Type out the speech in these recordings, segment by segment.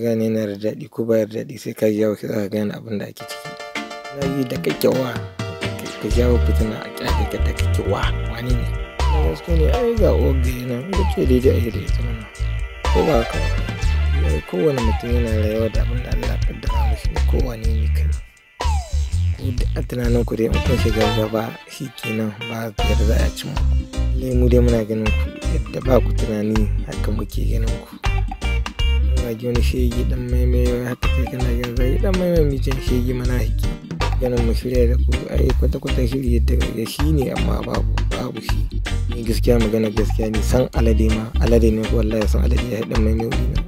gane na da daɗi ko ba da daɗi sai ka jawo ki zaka gane abin da ake ciki yi da kake wa ka jawo fitina a kyale ka da kake wa wani ne na gaske ne ai ga oge na da ce daidai a yi da ita mana. ko ba ka ba kowane mutum yana rayuwa da abin da Allah ya kaddara mishi ne kowane ne kai ku da a tunanin ku dai in kun shiga gaba shi kenan ba yadda za a cimma lemu dai muna ganin ku yadda ba ku tunani haka muke ganin ku zagi wani shege dan ya haka kai kana gina zai dan maimai mijin shege mana hiki ganin mu shirya da ku ai kwata kwata shirya da shi ne amma babu babu shi ni gaskiya magana gaskiya ne san alade ma alade ne wallahi san alade ya dan maimai wuri na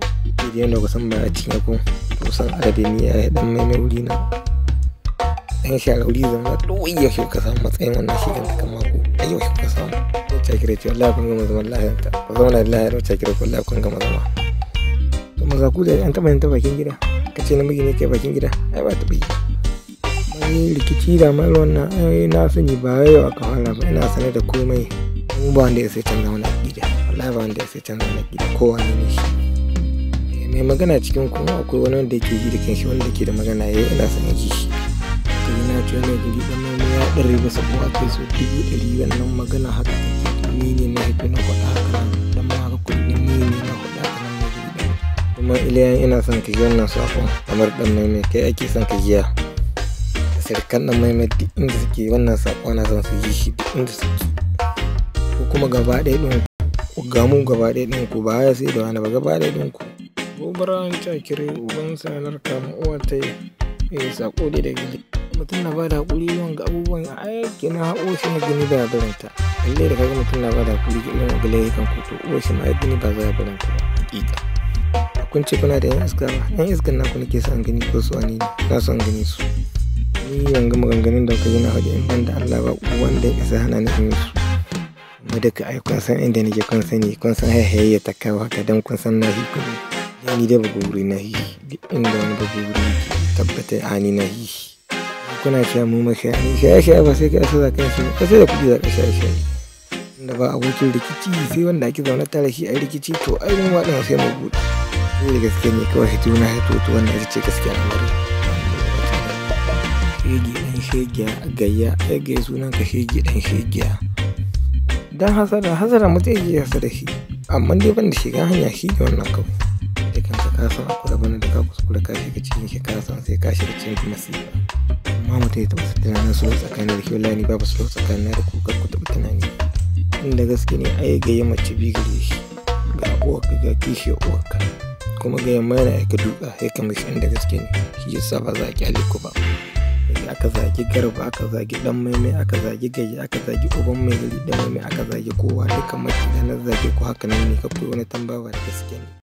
idan yanda ku san ba a cikin ku to san alade ne ya dan maimai wuri na dan sharauri zama ɗoyi ya ka samu matsayin wannan shi ganta kan mako ai yau ka samu ne cakire ce wallahi kun gama zaman lahiyarta ku zauna da lahiyar cakire ku wallahi kun gama zama maza ku da an taba yin ta bakin gida ka ce namiji ne ke bakin gida ai ba taɓa yi wani rikici da mal wannan ai na sani ba yau aka fara ba ina sane da komai mu ba wanda ya sai canza wani gida wallahi ba wanda ya sai canza wani gida wani ne shi eh, mai magana cikin kuma akwai wani wanda yake yi da kanshi wanda ke da magana yayi eh, ina sane ji shi to ina ce wani gidi dan mai ya dare ba sabuwa kai so dubu ɗari wannan magana haka ne ne na haifi na kwaɗa haka kuma iliyan ina son ka ji wannan sako kamar dan maimai kai ake son ka jiya sarkan dan maimai duk inda suke wannan sako na son su yi shi duk inda suke ko kuma gaba ɗaya ɗin ku mu gaba ɗaya ɗin ku ba ya sai da wani ba gaba ɗaya ɗin ku gobara an ta kire uban sanar kama uwa ta yi eh sako dai da gidi mutum na bada hakuri yawan ga abubuwan a aiki na haƙo shi na gini ba barinta lalle da kaga mutum na bada hakuri ga irin gale kan kuto uwa shi ma ya gini ba za ya barinta ba hakika kun ce kuna da yan iska ba yan na naku nake son gani ko su ne na son gani su ni yanga maganganun da kuka yi na haɗe in ban da Allah ba wanda ya sa hana ni in su mu daga ai kun san inda nake kun sani kun san haihayya ta kawo ka dan kun san na kuma ya ni da bugu wuri na hi inda wani bugu wuri tabbata ani na hi kuna cewa mu mashi ani shaye shaye ba sai ka yasa za ka yi ba sai da kuɗi za ka shaye shaye da ba abokin rikici sai wanda ake zaune tare shi a rikici to ai mu ma sai mu buɗe da gaske ne kawai hitu na hitu to wannan ita ce gaskiya lamarin shege dan shegiya gayya ai gaya sunan ka shege dan shegiya dan hasara hasara mutum ya hasa da shi amma dai ban da shiga hanya shi ne wannan kawai da kanka ka san akwai abin da ka kuskura ka shiga cikin shi ka san sai ka shiga cikin masifa amma mutum ya taɓa tunanin su tsakanin da kyau lani babu su tsakanin da ku ku taɓa tunani inda gaske ne ai gayya mace bi gare shi ga uwarka ga kishiyar uwarka kuma ga yamma yana aika duka ya kama shi inda gaske ne shi yasa ba za a ƙi aliku ba aka zagi garba aka zagi dan maimai aka zagi gaji aka zagi uban mai gari da maimai aka zagi kowa duka maki na zagi ko haka nan ne kafin wani tambaya da gaske ne